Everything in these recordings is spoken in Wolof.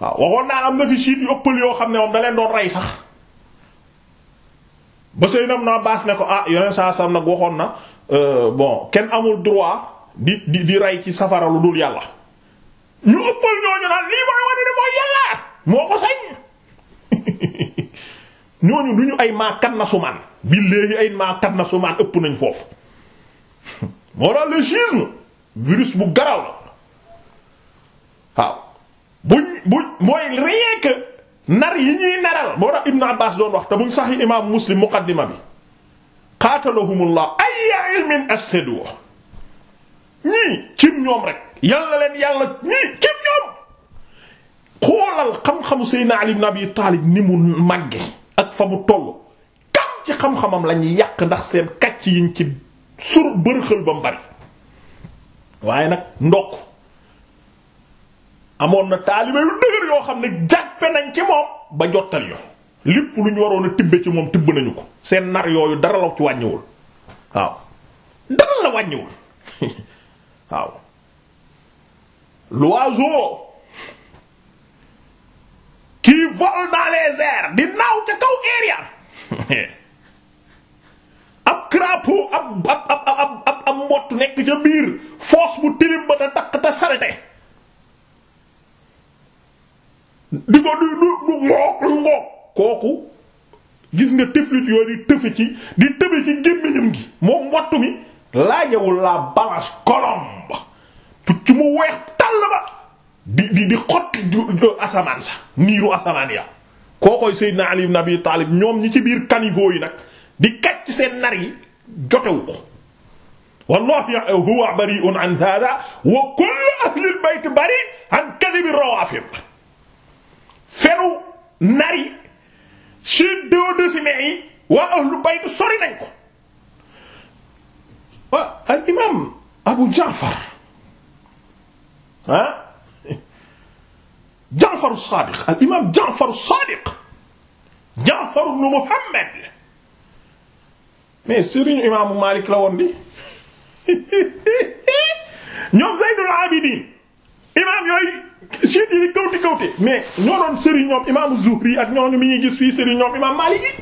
waaw waxoon naa am na fi siit yu ëppal yoo xam ne moom da leen doon rey sax ba Seydina Ibn Abbas ne ko ah yoneen saa sam nag waxoon na euh, bon kenn amul droit di di di rey ci safara lu dul yàlla ñu ëppal ñooñu naan lii mooy moo ko sañ ñooñu du ñu ay maakat na sumaan bi léegi ay maakat na sumaan ëpp nañ foofu moo daal le schisme virus bu garaw la waaw buñ buñ mooy rien que nar yi ñuy naral moo tax Ibn Abbas doon wax te buñ sax imaam Muslim muqaddima bi qaatalahumullah ayya ilmin afsadu ñii cim ñoom rek yàlla leen yàlla ñii cim ñoom xoolal xam-xamu Seydina Ali ibn Abi Taalib ni mu màgge ak fa mu toll kam ci xam-xamam lañu yàq ndax seen kàcc yiñ ci sur bërxël ba mu waaye nag ndokk amoon na taalibe yu dëgër yoo xam ne jàppe nañ ci moom ba jottal yo lépp lu waroon a tibbe ci moom tibb nañu ko seen nar yooyu dara la ci wàññiwul waaw dara la wàññiwul waaw l'oiseau qui vole dans les airs di naaw ca kaw area ab crapaud ab ab ab ab ab mbott nekk ca biir foos bu tilim ba te takk te salte di ko du du ngoo ngoo kooku gis nga tëflit yooyu di tëfi ci di tëfi ci gémmiñam gi moom wattu mi laajawul la balance colombe pucc mu weex tàll ba di di xotti asamaan sa niiru asamaan ya kookoy Seydina Ali ibn Abi Taalib ñoom ñi ci biir caniveau yi nag di kacc seen nar yi jotewu ko wallahi huwa bari'un an hada wa kullu ahli al bari' an kadhib ar fenu nari chine duodécimains yi waa ahlu bayt sori nañ ko waaw ah, al imam abu jaafar ah jaafar as-sadiq al imam jaafar as-sadiq jaafar ibn muhammad mais sëriñu imaamu malik la woon di ñoom zaydul abidin imam yooyu siit yi kawti kawti mais ñoo doon sëriñ imaamu Zuhri ak ñooñu mi ñuy gis fii sëriñ ñoom imaam Maalik yi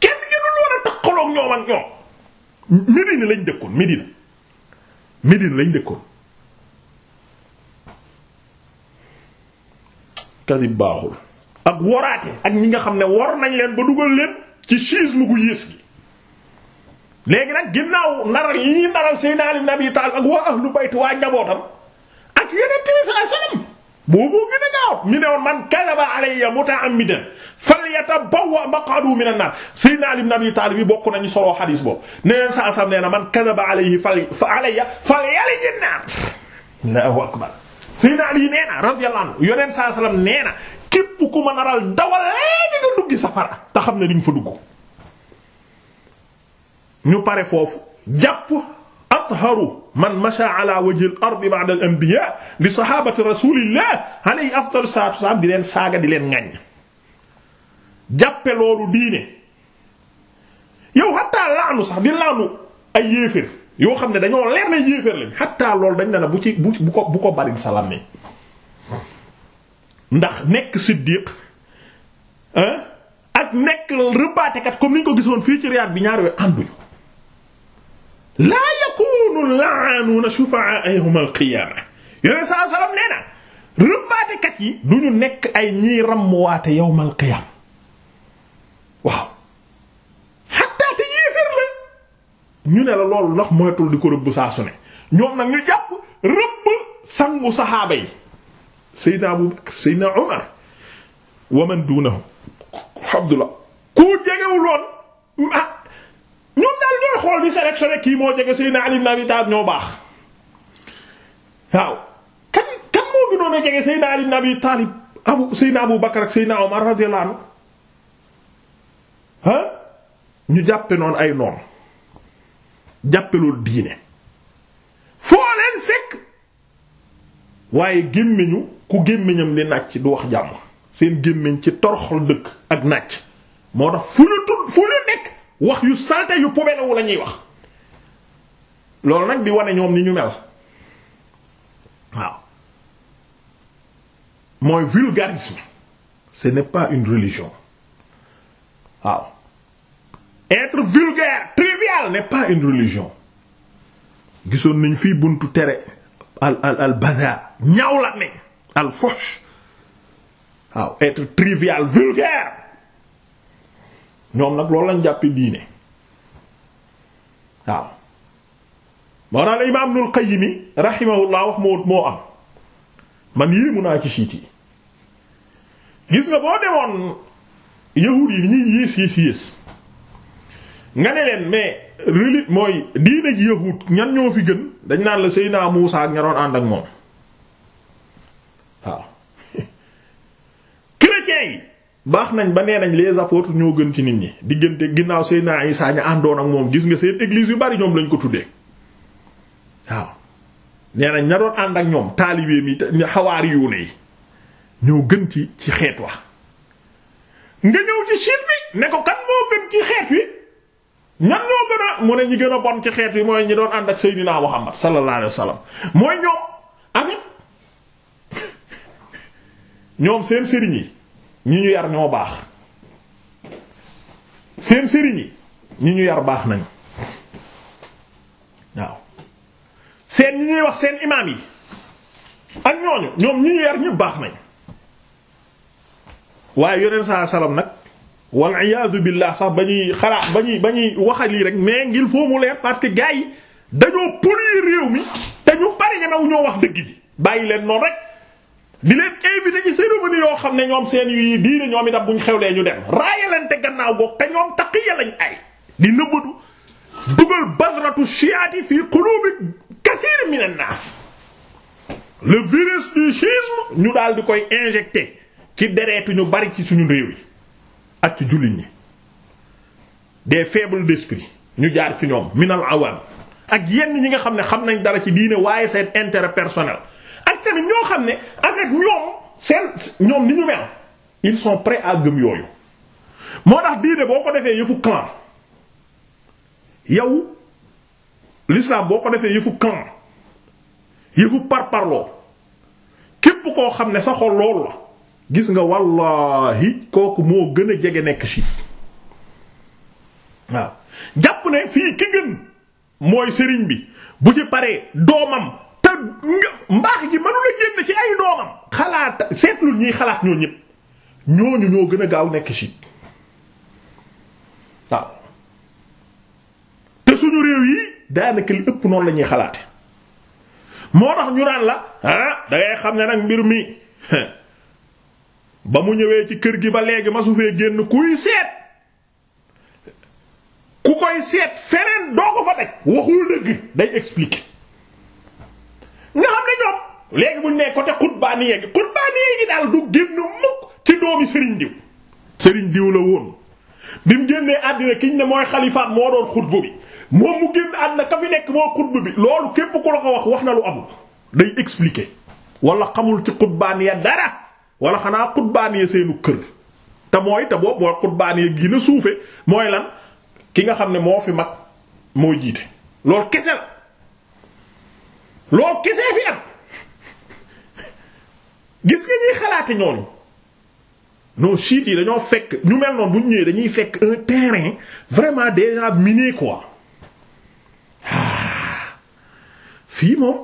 kenn gënul woon ñoom ak ñoom Medina lañ dëkkoon Medina Medina lañ dëkkoon kadib baaxul ak woraate ak ñi nga xam ne wor nañ leen ba dugal leen ci schisme gu yées gi léegi nag ginnaaw naral yi ñuy naral Seydina Ali ibn Abi Talib ak waa ahlu bayt waa njabootam ak yeneen tamit sallallahu alayhi wasallam boobu gën a gaaw mi ne woon man kadaba alayya muta'ammidan falyatabawwa maq'adahu minan nar Seydina Ali ibn Abi Talib bi bokk nañu solo xadiis boobu nee saa sam nee na man kadaba alayhi fa alayya falyalij an-nar Allahu akbar Seydina Ali nee na radiyallahu anhu yeneen saa sallam nee na képp ku ma naral dawal léegi nga duggi safara te xam ne di nga fa dugg. ñu pare foofu jàpp atharu man masha ala wajhil ardi ba'da al anbiya li sahabati rasulillah alayhi di leen saaga di leen ŋaññ jàppe loolu diine yow xattaa laanu sax di laanu ay yéefér yoo xam ne dañoo leer na yéefér lañ xattaa loolu dañ ne na bu ci bu ko bu ko bari salam ne ndax nekk siddiq ak nekk rebaatekat comme ni ñu ko gisoon fii ci Riyad bi ñaar yooyu ànduñu la'anuuna shufa'a'ahum al-qiyaama yooyu saa salaam nee na rëbbaatekat yi du ñu nekk ay ñiy ràmmuwaate yawmal qiyaama waaw xatta te yéeféer la ñu ne la loolu ndax moytul di ko rëbb saa ne ñoom nag ñu jàpp rëbb sangu saxaaba yi Seydina Abu Bakr Seydina Umar wa man duunahum Abdullah ku jegewuloon ah ñoom daal ñooy xool di sélectionné kii moo jege Seydina Ali ibn ñoo baax waaw kan kan moo gënoon a jege Seydina Ali ibn abu Seydina Abu Bakar ak Seydina Omar radiyallahu ñu jàppe noon ay noon jàppe loolu diine foo leen fekk waaye gémmiñu ku gémmiñam di nàcc du wax jàmm seen gémmiñ ci toroxal dëkk ak nàcc moo tax fu ñu tudd fu ñu nekk wax yu salte yu pobelewu la ñuy wax loolu nag bi wane ñoom ni ñu mel waaw mooy vulgarisme ce n'est pas une religion waaw être vulgaire trivial n'est pas une religion gisoon nañ fii buntu tere al al al baza ñaaw la ne al foch waaw être trivial vulgaire ñoom nag loolu lañ jàppe diine waaw moo naa la imaam Ibnul Qayyim rahimahullah wax moo moo am man yéemu naa ci siit yi gis nga boo demoon yahuud yi ñuy yées yées yées nga ne leen mais religion mooy diine ji yahuud ñan ñoo fi gën dañ naan la Seydina Muusaa ak ña ànd ak moom baax nañ ba nee nañ les apôtres ñoo gën ci nit ñi diggante ginnaaw Seydina Isa ñu àndoon ak moom gis nga seen église yu bari ñoom lañ ko tuddee waaw nee nañ ña doon ànd ak ñoom taalibe mi xawaari yu ne yi ñoo gën ci ci xeet wa nga ñëw ci siit bi ne ko kan moo gën ci xeet wi ñan ñoo gën a mu ne ñi gën a bon ci xeet wi mooy ñi doon ànd ak Seydina Muhammad sallallahu alayhi mooy ñoom avec ñoom seen sëriñ yi ñi ñu yar ñoo baax seen sëriñ yi ñi ñu yar baax nañu waaw seen ñi ñuy wax seen imaam yi ak ñooñu ñoom ñi ñu yar ñëpp baax nañu waaye yoneen saa salaam nag wal iyaadu billah sax ba ñuy xalaat ba ñuy ba ñuy waxal yi rek mais ngir foo mu leer parce que gars yi dañoo polir réew mi te ñu bari ñemewu ñoo wax dëgg ji bàyyi leen noonu rek. di leen invité ci cérémonie yoo xam ne ñoom seen yu diine ñoom itam buñ xewlee ñu dem raayalante gannaaw goog te ñoom taqiya lañ ay di nëbbatu dugal basratu shiati fi qulubi kathir min an-nas le virus du schisme ñu daal di koy injecté ci deretu ñu bari ci suñu réew yi ak ci jullit ñi des faibles d'esprit ñu jaar ci ñoom minal awam ak yenn ñi nga xam ne xam nañ dara ci diine waaye seen intérêt personnel tamit ñoo xam ne en ñoom seen ñoom ni ñu mel ils sont prêts à gëm yooyu moo tax diine boo ko defee yëfu clan yow l'islam boo ko defee yëfu clan yëfu képp koo xam ne sa xol loolu la gis nga wallahi kooku moo gën a jege nekk ci waaw jàpp ne fii ki gën mooy sëriñ bi bu ci paree doomam mbaax gi mënu génn ci ay doomam xalaat seetlu ñuy xalaat ñoo ñëpp ñooñu ñoo gën a gaaw nekk ci waaw te suñu réew yi daanaka ëpp noonu la ñuy xalaate moo tax ñu naan la ah xam ne nag mbir mi ba mu ñëwee ci kër gi ba léegi ma su génn kuy seet ku koy seet feneen doo ko fa teg waxul dëgg day expliquer nga xam ne ñoom léegi bu ñu nee côté xutbaaniya gi xutbaaniya gi daal du génn mukk ci doomi Serigne Diw Serigne Diw la woon bi mu génnee àddina kiñ ne mooy xalifaat moo doon xutbu bi moom mu génn àddina ka fi nekk moo xutbu bi loolu képp ko la ko wax wax na lu amul day expliquer wala xamul ci xutbaaniya dara wala xanaa xutbaaniya seenu kër te mooy te boobu mooy xutbaaniya gi gën a suufe mooy lan ki nga xam ne moo fi mag moo jiite loolu kese loo gisee fi gis nga ñuy xalaate ñooñu non chiites yi dañoo fekk ñu mel noonu bu ñu ñëwee dañuy fekk un terrain vraiment déjà miné quoi ah. fii moom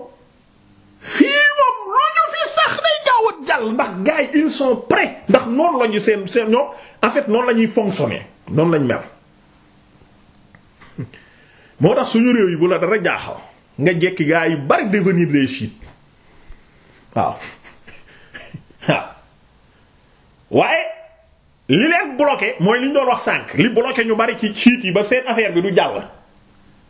fii moom lu ñu fi sax day gaaw jàll ndax gars yi ils sont prêts ndax noonu la seen seen ñoom en fait noonu lañuy ñuy fonctionner noonu lañ mel moo tax suñu réew yi bu la dara jaaxal. nga jekki gaa yu bari devenir les chiites waaw waaw waaye li leen bloqué mooy li ñu doon wax sànq li bloqué ñu bari ci chiites yi ba seen affaire bi du jàll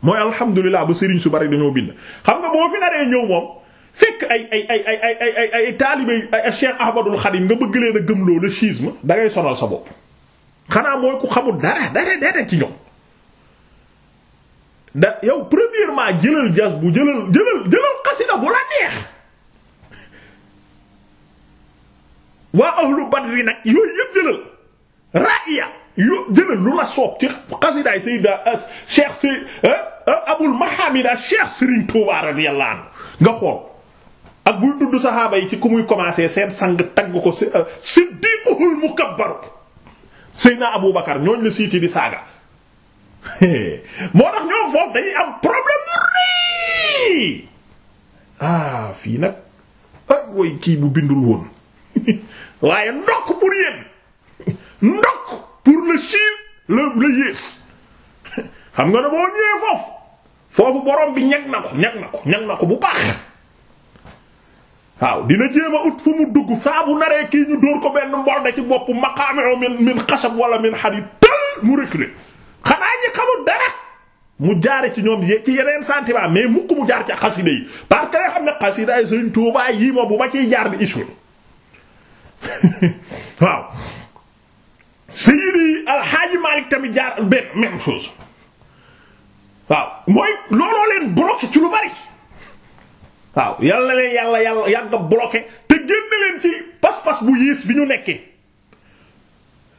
mooy alhamdulilah ba sëriñ su bari dañoo bind xam nga moo fi naree ñëw moom fekk ay ay ay ay ay ay ay ay taalibe ay Cheikh Ahmadul Khadim nga bëgg leen a gëmloo le schisme da ngay sonal sa bopp xanaa mooy ku xamul dara dara dara ci ñoom da yow premièrement jëlal jas bu jëlal jëlal jëlal xasida bu la neex waa ahlu badri nag yooyu yëpp jëlal raaya yo lu la soob ci xasidaay sayda euh, cheikh si euh, euh, abul mahamida cheikh Serigne Touba radiyallahu ak buy dudd saxaaba yi ci ku muy commencer seen sang tagg ko siddiquhul mukabbar saydna abou bakar ñooñ la siiti di saaga moo tax ñoom foofu dañuy am problème bu ah fii nag ay woy kii bu bindul woon waaye ndokk pour yéen ndokk pour le chiin le le yées xam nga ne boo ñëwee foofu foofu borom bi ñag na ko ñag na ko ñag na ko bu baax waaw dina jéem a ut fu mu dugg saa bu naree kii ñu dóor ko benn mbol da ci bopp maqaame min min xasab wala min hadid tël mu reculer waa ji dara mu jaare ci ñoom ci yeneen sentiment mais mukk mu jaar ci xasida yi parce que xam ne xasida ay Sëriñ Tuubaa yi moom bu ma ciy jaar bi isul waaw Sayyidi Alxaaji Malik tamit jaar benn même chose waaw mooy looloo leen bloqué ci lu bari waaw yàlla leen yàlla yàlla yàgg bloqué te génn leen ci pas-pas bu yées bi ñu nekkee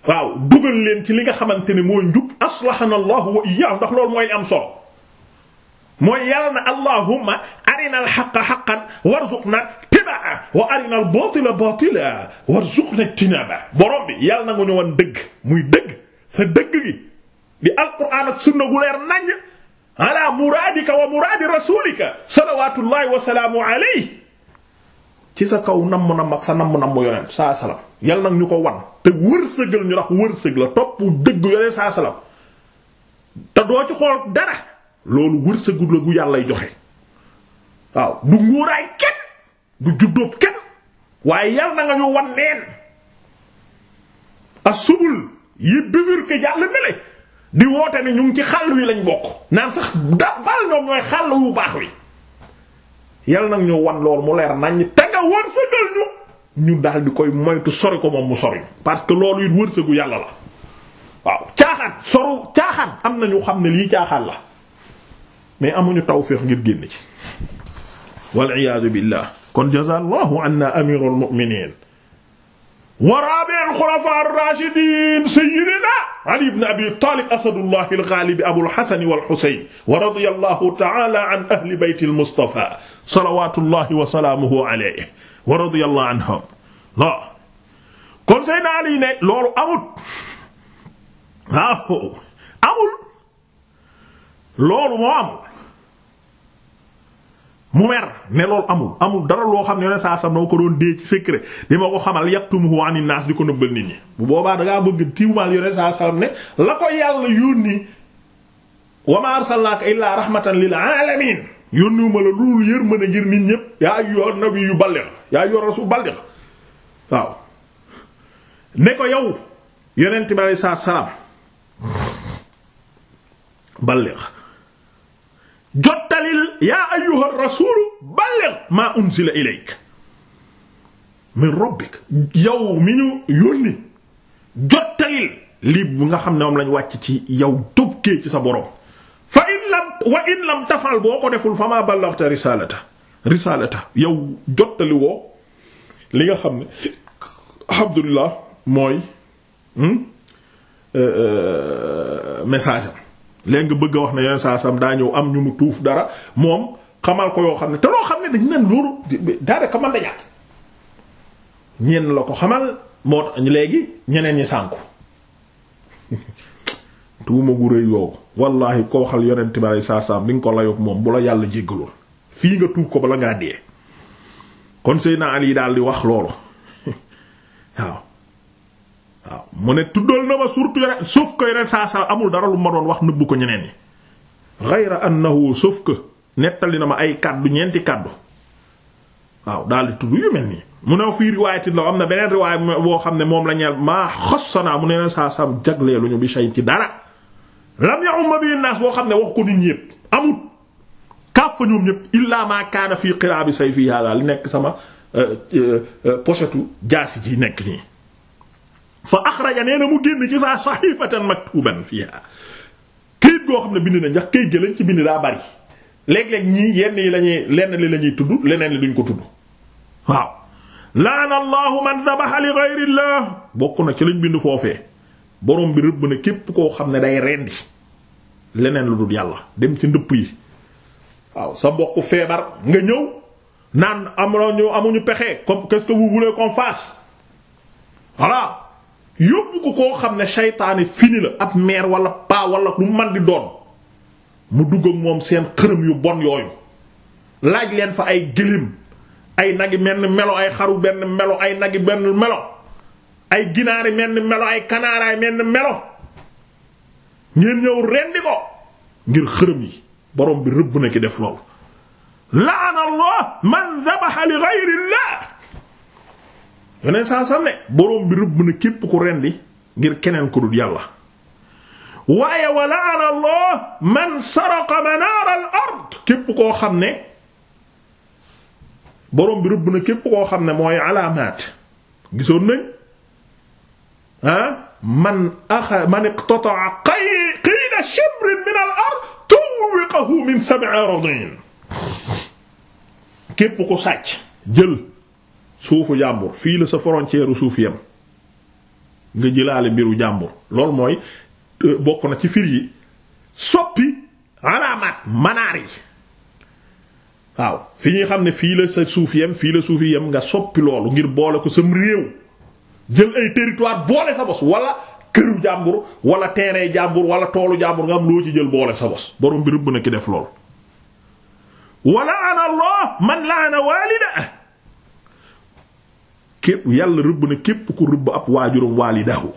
waaw dugal leen ci li nga xamante ne mooy njub aslahana allahu wa iyyahu ndax loolu mooy am solo mooy yàlla na allahumma arina alxaqa xaqan warzuqna tibaa wa arina al batila batila warzuqna tinaba borom bi yàlla na nga ñu wan dëgg muy dëgg sa dëgg gi di alquran ak sunna gu leer nañ ala muradika wa muradi rasulika salawatullahi wa salaamu alayhi ci sa kaw namm namm ak sa namm namm yonent saa salaam yal nag ñu ko wan te wërsëgal ñu tax wërsëg la topp dëgg yonent saa salaam te doo ci xool dara loolu wërsëgu la gu yàllay joxe waaw du nguuraay kenn du juddóob kenn waaye yal na nga ñu wan neen asubul yi bifurqué jàll mele di woote ne ñu ngi ci xàll wi lañ bokk naan sax da bal ñoom ñooy xàll wu baax wi yal nag ñu wan lool mu leer nañ te nga wërsëgal ñu ñu daal di koy moytu sori ko moom mu sori parce que loolu it wërsëgu yàlla la waaw caaxaan soru am na ñu xam ne lii caaxaan la mais amuñu tawféex ngir génn ci wal iyaadu billah kon jazallahu anna amirul mu'minin wa rabi'ul khulafa ar-rashidin sayyidina ali ibn abi talib asadullah al-ghalib abul hasan wal husayn wa radiyallahu ta'ala an ahli baytil mustafa salawaatullahi wa salaamuhu alayhi wa radiyallahu anhum loo kon mu mer ne loolu amul dara loo xam ne sa saa sam dama ko doon dee ci di ma ko xamal yaktumuhu anin naas di ko nëbbal nit ñi bu boobaa dangaa bëgg tiiwmaal yone saa sam ne la ko yàlla yónni wa ma arsalnaaka illaa rahmatan lil aalamiin yónniwuma la lu yërmande ngir nit ñépp yaa yor nabi yu balleex yaa yor rasul balleex waaw ne ko yow yonent bi aleyhi salaatu salaam balleex jottalil yaa ayyuha rasul balleex maa unsila ilayk min rabbik yow mi ñu yónni jottalil lii bu nga xam ne moom lañ wàcc ci yow dóbkee ci sa borom wa in lam tafal boo ko deful fa maa ballaxta risalata risalata yow jottali woo li nga xam ne alhamdulilah mooy hmm, euh, euh, message am léegi nga bëgg a wax ne yeneen saa sam daa ñëw am ñu mu tuuf dara moom xamal ko yoo xam ne te loo xam ne dañ naan loolu daanaka xamal la ñàkk ñenn la ko xamal moo léegi ñeneen ñi sànku. tuuma gu rëy googu wallaahi ko waxal yonent bi saa saa bi nga ko layoog moom bu la yàlla jéggaloon fii nga tuub ko bala ngaa dee kon Seydina Ali daal di wax loolu waaw mu ne tuddal na ma surtout yore sauf amul dara lu ma doon wax nëbbu ko ñeneen ñi. ghayra annahu sauf que nettali na ma ay kàddu ñeenti kàddu waaw daal di tudd mel nii. mu ne fii riwaayatit la am na beneen riwaay boo xam ne moom la ñeel maa xas naa mu ne saa saa jagleeluñu bi shay ci lam ya'um bi naas boo xam ne wax ko nit ñi yëpp amut kaaf fa ñoom ñëpp illaa ma kaana fii qiraabi sayfi hada li nekk sama euh, euh, euh, pochetu jaasi ji nekk nii fa axraja nee na mu génn ci saa saxiifatan maktuban fiha këyit goo xam ne bind nañ ndax këyit gi lañ ci bind daa bari léeg-léeg ñii yenn yi lañuy lenn li lañuy tudd leneen li duñ ko tudd waaw laana allahu man dabaxa li gayrillah bokk na ci lañ bind foofee borom bi rëbb na képp koo xam ne day rendi leneen lu dul yàlla dem ci ndëpp yi waaw sa mbokk feebar nga ñëw naan amuñu amuñu pexe comme qu'est-ce que vous voulez qu'on fasse voilà yóbbu ko koo xam ne seytaane fini la ab meer wala paa wala lu man doon mu dugg moom seen xërëm yu bon yooyu laaj leen fa ay gëléem ay nagi benn melo ay xaru benn melo ay nagi benn melo ay ginaari menn melo ay kanaaraay menn melo ngeen ñëw rendi ko ngir xërëm yi borom bi rëbb na ki def lool laana allah man dhabaha li ghayrillah yoneen saa sam borom bi rëbb képp ku rendi ngir keneen ku dul yàlla waaye wa laana allah man saraqa manaar al ard képp koo xam ne borom bi rëbb képp koo xam ne mooy alaamaat gisoon nañ man axa man iqtata'a qiila shibrin min al-ard min sab'i aradin képp ku sàcc jël suufu jàmbur fii la sa frontière suuf yem nga jëlaale mbiru jàmbur loolu mooy bokk na ci fir yi soppi alaamaat waaw fi ñuy xam ne fii la sa suuf yam fii la suuf yam nga soppi loolu ngir boole ko sam réew jël ay territoire boole sa bos wala këru jàmbur wala terrain jàmbur wala toolu jàmbur nga am loo ci jël boole sa bos borom bi rëbb na ki def lool. wala ana man laana waalida képp yàlla rëbb képp ku rëbb ab waajuram waalidahu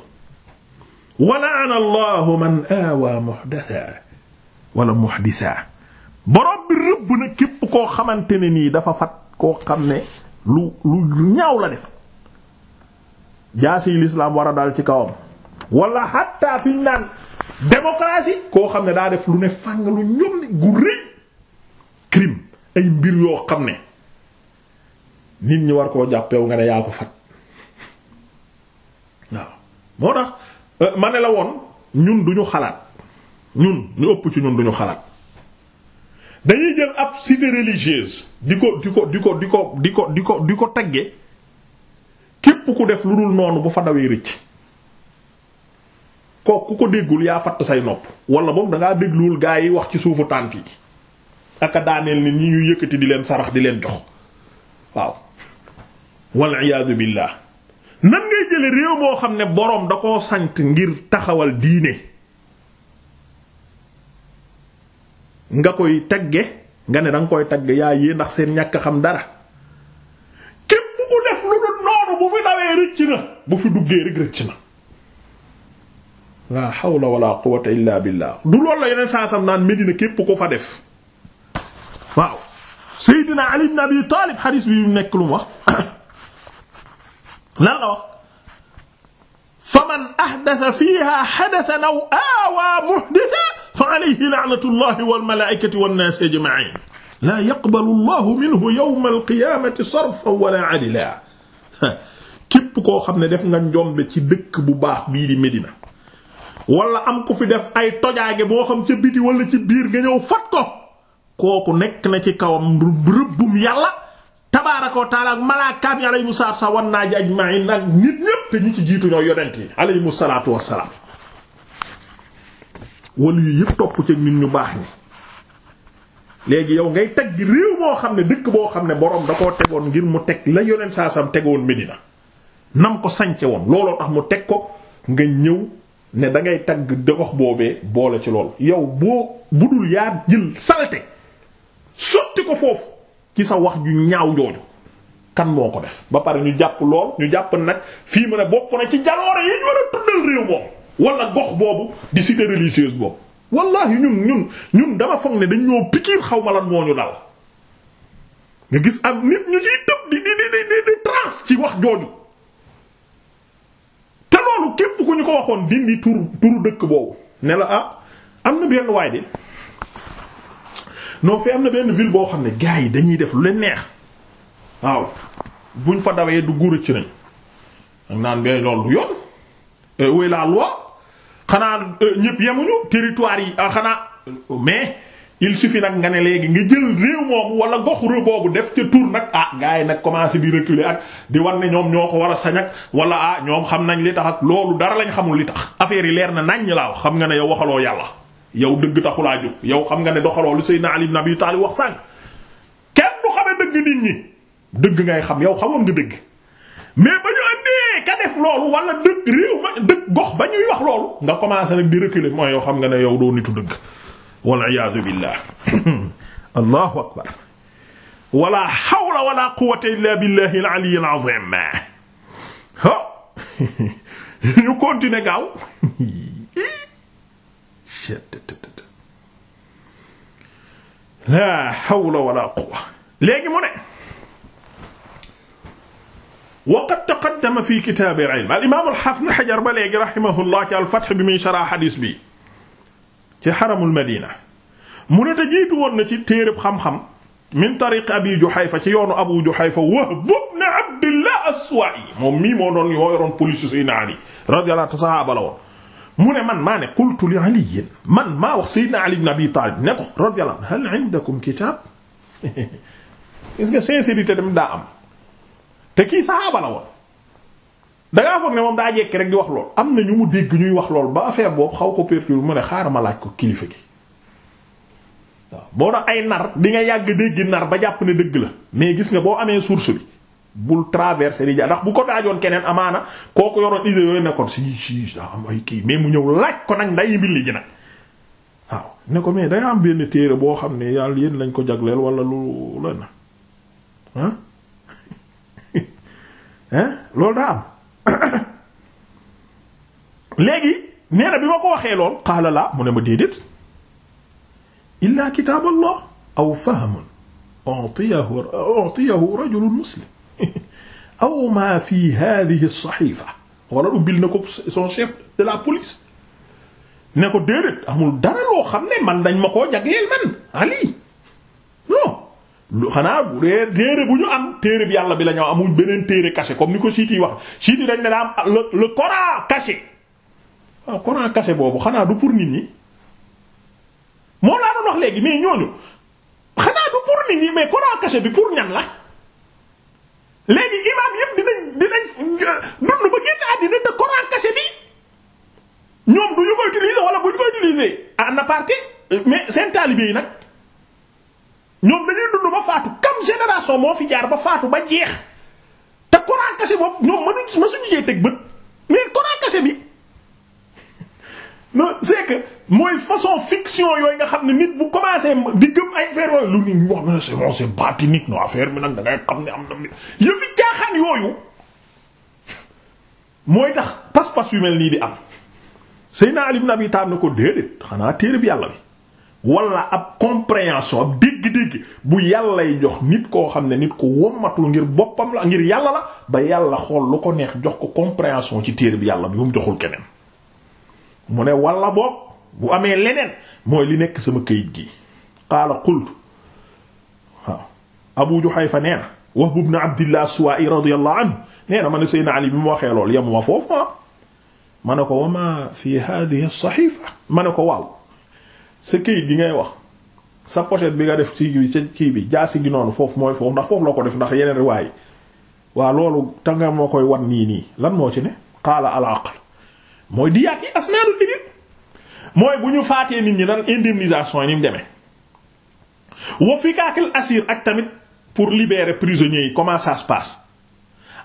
wala ana allah man awa muhdasa wala muhdisa borom bi koo xamante ne nii dafa fat koo xam ne lu lu la def. jaasi l'islam war a dal ci kawam wala hatta fiñ naan démocratie koo xam ne daa def lu ne fàng lu ñoom gu rëy crime ay mbir yoo xam ne nit ñi war koo jàppew nga ne yaa ko fat waaw moo tax euh, ma ne la woon ñun duñu xalaat ñun ñu ëpp ci ñun duñu xalaat dañuy jël ab cité religieuse di ko di ko di ko di ko di ko di ko di ko tagge képp ku def lu dul noonu bu fa dawee rëcc kooku ku ko déggul yaa fatt say nopp wala boog dangaa dégluwul gaa yi wax ci suufu tànt yi aka daaneel ni ñi ñuy yëkkati di leen sarax di leen jox waaw wal iyaadu billaah nan ngay jële réew moo xam ne boroom da koo sant ngir taxawal diine nga koy tagge nga ne danga koy tagge yaa yee ndax seen ñàkk xam dara rëcc na bu fi duggee rek rëcc na la hawla wala quwwata illa billah du loolu la yeneen saasam naan Medina képp ko fa def waaw Seydina Ali ibn Abi Talib xadis bi yu nekk lu mu wax lan la wax faman ahdatha fiha hadathan aw awa muhdithan fa alayhi la'natullahi wal mala'ikati wan nas ajma'in la yaqbalu Allahu minhu yawma al-qiyamati sarfan wala 'adila képp koo xam ne def nga njombe ci dëkk bu baax bii di Medina wala am ku fi def ay tojaage boo xam ca biti wala ci biir nga ñëw fat ko kooku nekk na ci kawam rëbbum yàlla tabaaraka wa taala ak malaakaam yi alayhimu salaatu wa wan ak nit ñépp ñi ci jiitu ñoo yonent yi alayhimu salaatu wassalaam wala yu yëpp topp ca nit ñu baax ñi léegi yow ngay teg réew moo xam ne dëkk boo xam ne boroom da koo tegoon ngir mu teg la yonent saasam tegoon Medina nam ko sànce woon looloo tax mu teg ko nga ñëw ne da ngay tagg dox boobee boole ci lool yow boo bu budul yaa jël salte sotti ko foofu ci sa wax ju ñaaw jooju kan moo ko def ba pare ñu jàpp lool ñu jàpp nag fii mu ne bokk na ci jaloore yi ñu war a tuddal réew moom wala gox boobu di cité religieuse boobu wallahi ñun ñun ñun dama foog ne dañ ñoo pikiir xaw ma la moo ñu dal nga gis ak nit ñu ciy tëb di di di di trans ci wax jooju loolu képp ku ñu ko waxoon dindi tur turu dëkk boobu ne la ah am na benn waay de noo fi am na benn ville boo xam ne gars yi dañuy def lu leen neex waaw buñ fa dawee du góor ci nañ ak naan bee loolu du yoon. wéy euh, la loi xanaa euh, ñëpp yemuñu territoire yi ah, xanaa mais. il suffit nag nga ne léegi nga jël réew moomu wala goxu réew boobu def ca tur nag ah gars yi nag commencé di reculer ak di wan ne ñoom ñoo ko war a sañ ak wala ah ñoom xam nañ li tax ak loolu dara lañ xamul li tax. affaire yi leer na naññ laa xam nga ne yow waxaloo yàlla yow dëgg taxulaa jóg yow xam nga ne doxaloo lu Seydina Ali na bi Talib wax sànq kenn du xamee dëgg nit ñi dëgg ngay xam yow xamoon nga dëgg mais ba ñu andee ka def loolu wala dëgg réew ma wax loolu nga commencé nag di reculer mooy xam nga ne yow doo nitu dëgg wal iyaadu billah allahu akbar wala hawla wala quwwata illa billahi al ali al azim ho ñu continuer gaaw la hawla wala quwwa léegi mu ne waqad taqaddama fi kitaab al ilm al imaam al hafiz hajar ba léegi rahimahullah ci al fath bi muy sharh hadith bi ci xaramul madina mu ne te jiitu woon na ci téereb xam-xam min tariq abi juhayfa ci yoonu abu juhayfa wahb ibn abdillah aswa'i moom mii moo doon yoo yoroon police saydna ali radiyallahu anhu sahaaba la woon mu ne man maa ne qultu li ali man maa wax saydna ali ibn abi talib ne ko radiyallahu anhu hal indakum kitab est-ce que sincérité dem daa am te kii sahaaba la woon dangaa foog ne moom daa jekki rek di wax lool am na ñu mu dégg ñuy wax loolu ba affaire boobu xaw ko perturbe mu ne xaaral ma laaj ko kilifa gi waaw boo tax ay nar di nga yàgg dégg nar ba jàpp ne la mais gis nga boo amee source bi bul traversé di bu ko daajoon keneen amaana kooku yoroon nekkoon si si daa am ay kii mais mu ñëw laaj ko nag nday mbili ji nag ne ko mais danga am benn téere boo xam ne yàlla yéen lañ ko jagleel wala lu la na ah loolu daa am léegi nee na bi ma ko waxee lool qaala laa mu ne ma déedéet illaa kitaaballah aw fahmun utiyahu utiyahu rajulun muslim aw ma fi hadhihi saxifa wala ubbil na ko son chef la police ne ko déedéet amul dara loo xam ne man dañ ma koo jagleel man Ali lu xanaa bu téere bu ñu am téere bi yàlla bi la ñu amul beneen téere caché comme ni ko siit yi wax siit dañ ne daa am le le Coran caché waaw Coran caché boobu xanaa du pour nit ñi moo laa doon wax léegi mais ñooñu xanaa du pour nit ñi mais Coran caché bi pour ñan la léegi imaam yépp dinañ dinañ dund ba génn àddina te Coran caché bi ñoom du ñu ko utiliser wala bu ñu ko utiliser en aparté mais seen taalibe yi nag. ñoom dañuy dund ba faatu kam génération moo fi jaar ba faatu ba jeex te Coran caché boobu ñoom mënuñ ma suñu jee teg bët mais Coran caché bi non c'est que mooy façon fiction yooyu nga xam ne nit bu commencé di gëm ay affaire yooyu lu nit wax ne c'est bon c'est bâtinique non affaire bi nag da ngay xam ne am na mi yëfi jaaxaan yooyu mooy tax pas-pas yu mel nii di am Seydina naa ibn Abi Talib na ko déedéet xanaa téere bi yàlla bi wala ab compréhension ab dégg-dégg bu yàllay jox nit koo xam ne nit ko wommatul ngir boppam la ngir yàlla la ba yàlla xool lu ko neex jox ko compréhension ci téere bi yàlla bi mu joxul keneen mu ne wala boog bu amee leneen mooy li nekk sama kayit gi qaala qultu waaw Abu Juhayfa nee na Wahb ibn Abdillah Suwa'i radiyallahu anhu nee na ma ne Ali bi mu waxee lool yemuma foofu ah. ma ne ko wa fi hadhihi as-sahifa ma ne ko waaw sa këyit gi ngay wax sa pochette bi nga def ci kii bi jaasi gi noonu foofu mooy foofu ndax foofu la ko def ndax yeneen riwaay waa loolu te moo koy wan nii nii lan moo ci al aql mooy diyaat bu ñu faatee nit ñi nan indemnisation yi ni mu demee wa fikaakil asir ak tamit pour libérer prisonniers yi comment ça se passe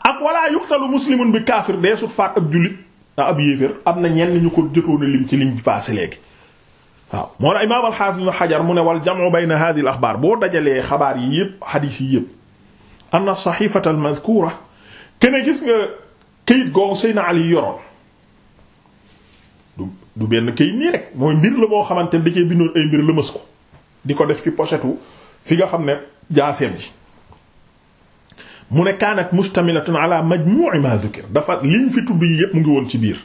ak wala yuqtalu muslimun bi kaafir dee sut faat ab jullit ab yéeféer am na ñenn ñu ko jotoon lim ci liñ bi passé léegi waaw moo na imaam al-Hafiz ibn mu ne wal jam'u bayna hadhihi al-akhbar boo dajalee xabaar yi yëpp xadiis yi yëpp anna as-sahifata al gis nga këyit googu Seydina Ali yoroon du benn këyit nii rek mooy xamante ne da cee ay mbir lëmës ko di ko def ci pochette fi nga xam ne jaaseem ji mu ne kaanat mushtamilatun ala majmu'i ma dhukir dafa liñ fi tudd yi yëpp mu ngi woon ci biir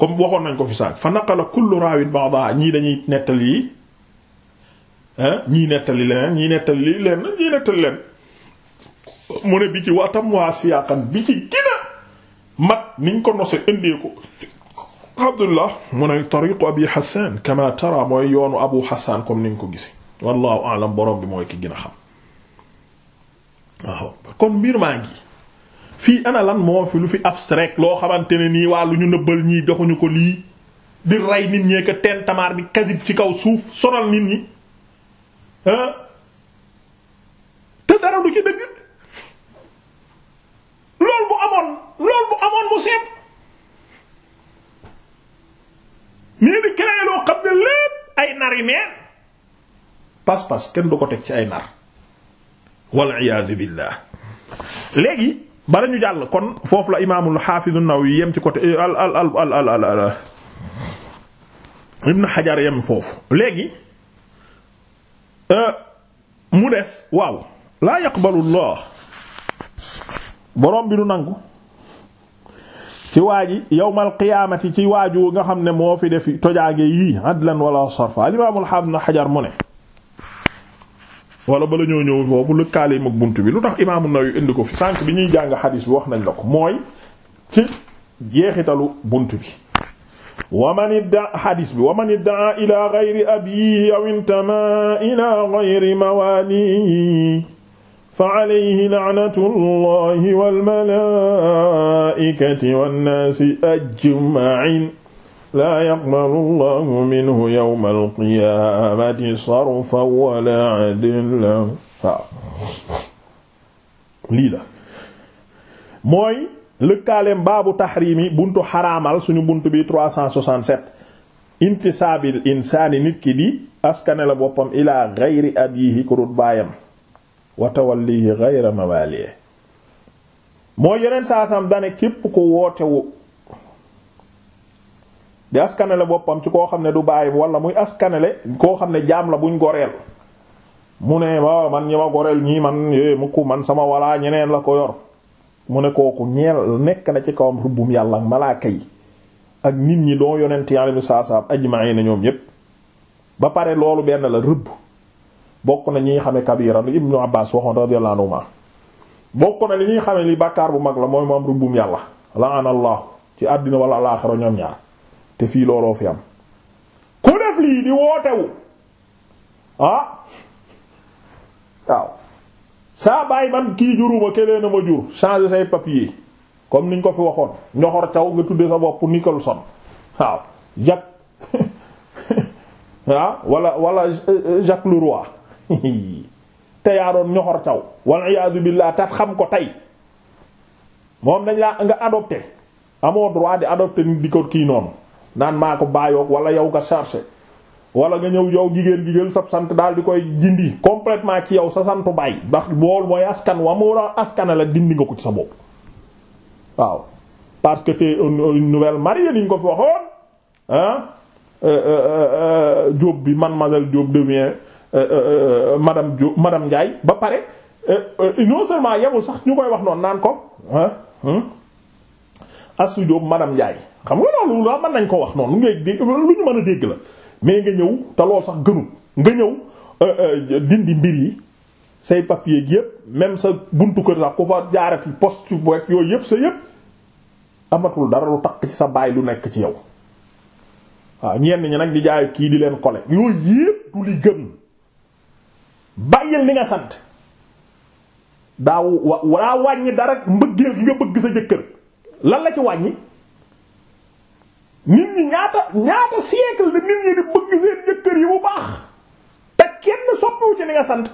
comme waxoon nañ ko fi saak fa naqala kullu raawin ba'da ñii dañuy nettali yi ñii nettali leneen ñii nettali lii leen ñii nettali leen mu ne bi ci watam waa siyaakan bi ci gina mat niñ ko nose indee ko Abdullah mu ne tariqu abi Hassan kama tara mooy yoonu abu Hassan comme niñ ko gisi wallahu a'lam borom bi mooy ki gën a xam kon mbir maa ngi fii ana lan fi lu fi abstrait loo xamante ne nii waa lu ñu nëbbal ñii doxuñu ko lii di rey nit ñee ko teen tamaar bi kasib ci kaw suuf sonal nit ñi te dara du ci dëgg loolu bu amoon loolu bu amoon bu seet nii di créer loo xam ne lépp ay nar yi meen pas-pas kenn du ko teg ci ay nar wal iyaadu billah léegi bala ñu jàll kon foofu la imaamul xaafiz an-Nawawi yem ci côté al al al al al al Ibn Hajar yem foofu léegi euh, mu des waaw laa yaqbalu Allah borom bi du nangu ci waa ji yawmal qiyaamati ci waaju nga xam ne moo fi defi tojaage yii adlan wala sarfa al imaamul xaafiz Ibn Hajar mu ne wala bala ñoo ñëw foofu lëkkaale mag bunt bi lu tax imaamu Nawawi indi ko fi sànq bi ñuy jàng xadiis bi wax nañ la ko mooy ci jeexitalu bunt bi waman idda xadiis bi waman iddaa ila gayri abiihi aw intama ila gayri mawaalihi fa alayhi laanatu allahi walmalaikati wannaasi ajmain laa yaqbalu allahu minhu yawma alqiyaamati sarfan wala adla waaw lii la mooy lëkkaaleem baabu taxriimi buntu xaraamal suñu buntu bi 367 intisaabil insaani nit ki di askane la boppam ilaa gayri abiihi ku dut baayam wa tawallihi gayra mooy yeneen saasam dane képp ko wootewu di askanele boppam ci koo xam ne du bàyyi wala muy askanele koo xam ne jaam la buñ goreel mu ne ma man ñi ma goreel ñii man yooyu eh, mukk man sama walaa ñeneen la ko yor mu ne kooku ñeel nekk na ci kawam rubbum yàlla ak ak nit ñi doo yonent yàlla mi saasaam ajma'i na ñoom yépp ba pare loolu benn la rëbb bokk na ñi xame kabira lu ibnu abbas waxoon radiyallahu anhuma bokk na li ñuy xame li bàkkaar bu mag la mooy moom rubbum yàlla la'anallahu ci àddina wala alaaxira ñoom ñaar te fii looloo fi am ku def lii di wootewu ah waaw saa bàyyi man kii juruma kelee na ma jur changer say papier comme niñ ko fi waxoon njoxor caw nga tudde sa bopp Nicholson waaw Jack ah wala wala euh, Jacques Leroy te yaa doon ñoxor caw wal iyaazu billaah tax xam ko tey moom dañ laa nga adopté amoo droit di adopté nit di ko kii noonu naan maa ko baayoog wala yow nga chargé wala nga ñëw yow jigéen jigéen sab sant daal di koy dindi complètement ci yow sa santu baay ndax bool mooy askan wa mu war a askana la dindi nga ko ci sa bopp waaw parce que t'es une nouvelle mariée ni ñu ko fi waxoon ah Diop bi mademoiselle Diop devient madame Diop Ndiaye ba pare non seulement yemul sax ñu koy wax noonu naan ko Astou Diop madame Ndiaye xam nga loolu la mën nañ ko wax noonu ngay dégg lu ñu mën a dégg la mais nga ñëw te loolu sax gënut nga ñëw euh, euh, dindi mbir yi say papier gi yëpp sa buntu kër sax ku fa jaarati poste boeg yooyu yëpp sa yëpp amatul dara lu takk ci sa baay lu nekk ci yow waaw ñenn ñi nag di jaay kii di leen kole yooyu yëpp du li gën bàyyil li nga sant daa daa wàññi dara mbëggeel gi nga bëgg sa jëkkër lan la ci wàññi nit ñi ñaata ñaata siècle de nit ñi di bëgg seen jëkkër yi bu baax te kenn soppiwu ci li nga sant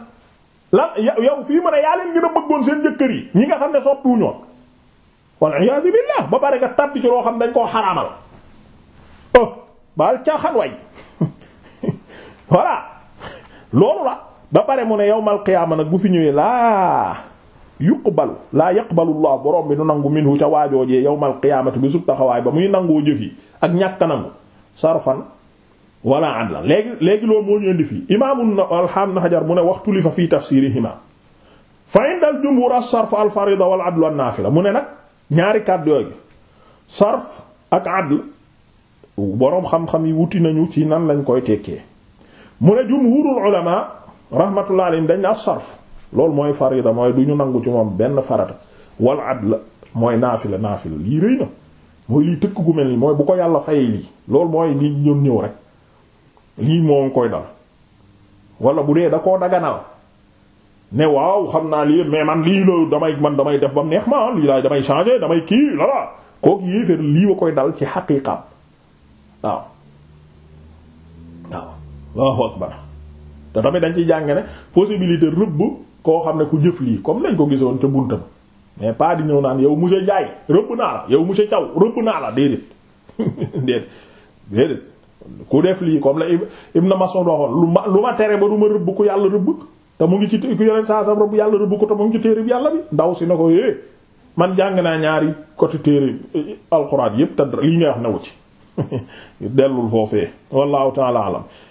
lan yow fii ma ne yaa leen gën a bëggoon seen jëkkër yi ñi nga xam ne soppiwu ñoon wal iyaazu billaah ba pare nga tàbbi ci loo xam dañ koo xaraamal oh baal caaxaan way voilà loolu la ba pare mu ne yawmal qiyaama nag bu fi ñëwee laa yuqbalu laa yaqbalu allah borom bi du nangu minhu ca waajoojee yawmal qiyaamati bi sub ba muy nangoo jëf yi ak ñàkka nangu sarfan wala adlan léegi léegi loolu moo ñu indi fii imaamu alxaam xajar mu ne waxtu li fa fii tafsiirihima fa inda al jumhur as-sarf al-farida wal adlu an mu ne nag ñaari kàddu yooyu sarf ak adl boroom xam-xam yi wuti nañu ci nan lañ koy tekkee mu ne jumhurul ulama rahmatullahi alayhim dañ ne as-sarf loolu mooy farida mooy du ñu nangu ci moom benn farata at la mooy naafila naafila lii rëy na mooy lii tëkk gu mel ni mooy bu ko yàlla fayee lii loolu mooy lii ñoom ñëw rek lii moo koy dal wala bu dee da koo daganal ne waaw xam naa lii mais man lii la damay man damay def ba mu neex ma lii laay damay changer damay kii lala kooku yéeféer lii wa koy dal ci xaqiiqaam waaw waaw Allahu akbar te tamit dañ ciy jàng ne possibilité rëbb koo xam ne ku jëf lii comme nañ ko gisoon ca buntam mais pas di ñëw naan yow monsieur Ndiaye rëbb naa la yow monsieur Thiaw rëbb naa la déedéet déedéet déedéet ku def lii comme la Ibn Mas'ud waxoon lu ma lu ma tere ba du ma rëbb ku yàlla rëbb te mu ngi ci ku yeneen saa sam rëbb yàlla rëbb ko te mu ngi ci téere bi yàlla bi ndaw si na ko é eh, man jàng naa ñaari côté téere eh, alxuraan yépp te lii ngay wax newu ci dellul foofee wallahu ta'ala